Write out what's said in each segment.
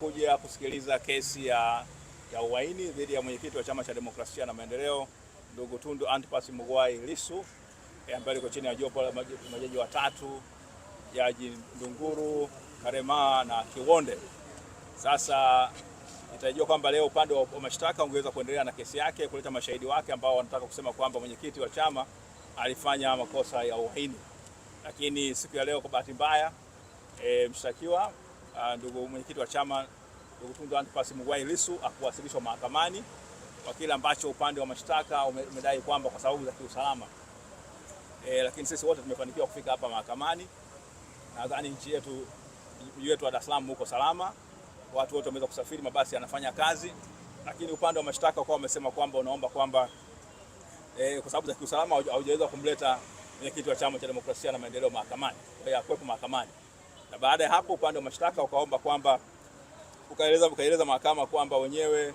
Kuja kusikiliza kesi ya, ya uhaini dhidi ya mwenyekiti wa Chama cha Demokrasia na Maendeleo ndugu Tundu Antipas Mugwai Lissu eh, ambaye liko chini ya jopo la majaji watatu Jaji Ndunguru, Karema na Kiwonde. Sasa itajua kwamba leo upande wa mashtaka ungeweza kuendelea na kesi yake kuleta mashahidi wake ambao wanataka kusema kwamba mwenyekiti wa chama alifanya makosa ya uhaini, lakini siku ya leo kwa bahati mbaya e, mshtakiwa Ah, ndugu mwenyekiti wa chama ndugu Tundu Antipas Mugwai Lissu akuwasilishwa mahakamani kwa kile ambacho upande wa mashtaka umedai kwamba kwa sababu za kiusalama. E, lakini sisi wote tumefanikiwa kufika hapa mahakamani. Nadhani nchi yetu yetu wa Dar es Salaam uko salama, watu wote wameweza kusafiri, mabasi yanafanya kazi, lakini upande wa mashtaka kwa wamesema kwamba unaomba kwamba e, kwa sababu za kiusalama haujaweza kumleta mwenyekiti wa chama cha demokrasia na maendeleo mahakamani, kwa hiyo mahakamani na baada ya hapo upande wa mashtaka ukaomba kwamba ukaeleza ukaeleza mahakama kwamba wenyewe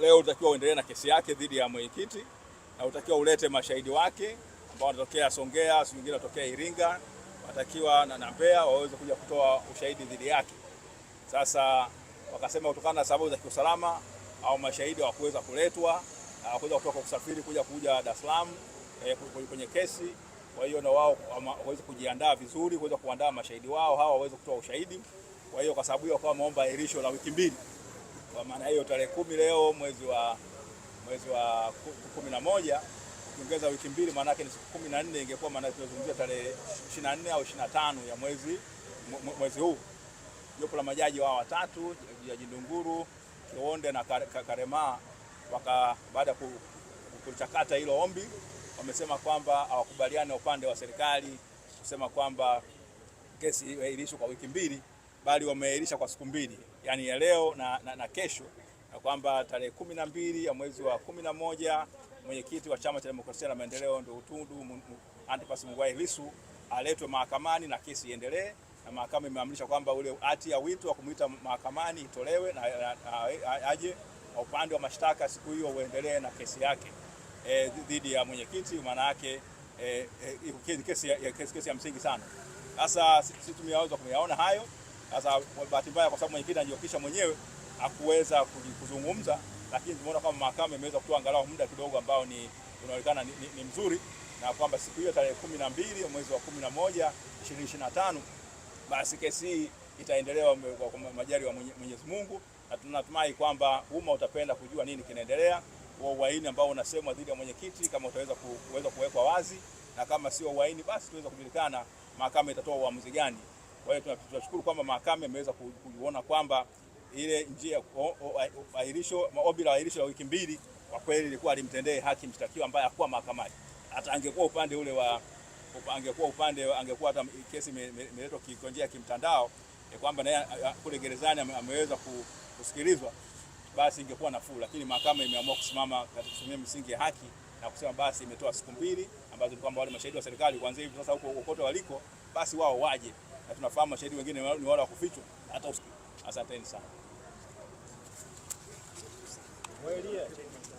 leo utakiwa uendelee na kesi yake dhidi ya mwenyekiti na utakiwa ulete mashahidi wake ambao wanatokea Songea, si wengine wanatokea Iringa, watakiwa na Mbeya waweze kuja kutoa ushahidi dhidi yake. Sasa wakasema kutokana na sababu za kiusalama au mashahidi hawakuweza kuletwa, hawakuweza kutoka kusafiri kuja kuja Dar es Salaam eh, kwenye kesi kwa hiyo na wao waweze kujiandaa vizuri, kuweza kuandaa mashahidi wao hawa waweze kutoa ushahidi. Kwa hiyo kwa sababu hiyo wakawa wameomba ahirisho la wiki mbili. Kwa maana hiyo tarehe kumi leo mwezi wa mwezi wa kumi na moja ukiongeza wiki mbili maana yake ni siku kumi na nne ingekuwa maana tunazungumzia tarehe ishirini na nne au ishirini na tano ya mwezi mwezi huu. Jopo la majaji wao watatu Jaji Ndunguru, Kionde na Karema waka baada ya kuchakata hilo ombi wamesema kwamba hawakubaliani upande wa serikali kusema kwamba kesi iahirishwe kwa wiki mbili, bali wameahirisha kwa siku mbili, yaani ya leo na, na, na kesho, na kwamba tarehe kumi na mbili ya mwezi wa kumi na moja mwenyekiti wa Chama cha Demokrasia na Maendeleo ndio Tundu Antipas Mugwai Lissu aletwe mahakamani na kesi iendelee, na mahakama imeamrisha kwamba ule hati ya wito wa kumwita mahakamani itolewe na aje, na upande wa mashtaka siku hiyo uendelee na kesi yake dhidi eh, dhidi ya mwenyekiti, maana yake e, e, kesi ya, kesi ya msingi sana. Sasa sisi tumeweza kuyaona hayo. Sasa bahati mbaya, kwa sababu mwenyekiti anajiokisha mwenyewe hakuweza kuzungumza, lakini tumeona kama mahakama imeweza kutoa angalau muda kidogo ambao ni unaonekana ni, ni, ni mzuri na kwamba siku hiyo tarehe kumi na mbili mwezi wa kumi na moja ishirini ishirini na tano basi kesi hii itaendelewa kwa majari wa Mwenyezi Mungu, na tunatumai kwamba umma utapenda kujua nini kinaendelea wa uhaini ambao unasemwa dhidi ya mwenyekiti, kama utaweza kuweza kuwekwa wazi, na kama sio uhaini, basi tuweza kujulikana mahakama itatoa uamuzi gani. Kwa hiyo tunashukuru kwamba mahakama imeweza kuona kwamba ile njia ahirisho maombi la ahirisho la wiki mbili kwa kweli ilikuwa alimtendee haki mshtakiwa ambaye hakuwa mahakamani. Hata angekuwa upande ule wa angekuwa upande angekuwa hata kesi imeletwa kwa njia ya kimtandao, kwamba naye kule gerezani ameweza kusikilizwa basi ingekuwa nafuu, lakini mahakama imeamua kusimama katika misingi ya haki na kusema basi imetoa siku mbili ambazo ni kwamba wale mashahidi wa serikali kuanzia hivi sasa huko kote waliko, basi wao waje, na tunafahamu mashahidi wengine ni wale wa kufichwa hata. Asanteni sana.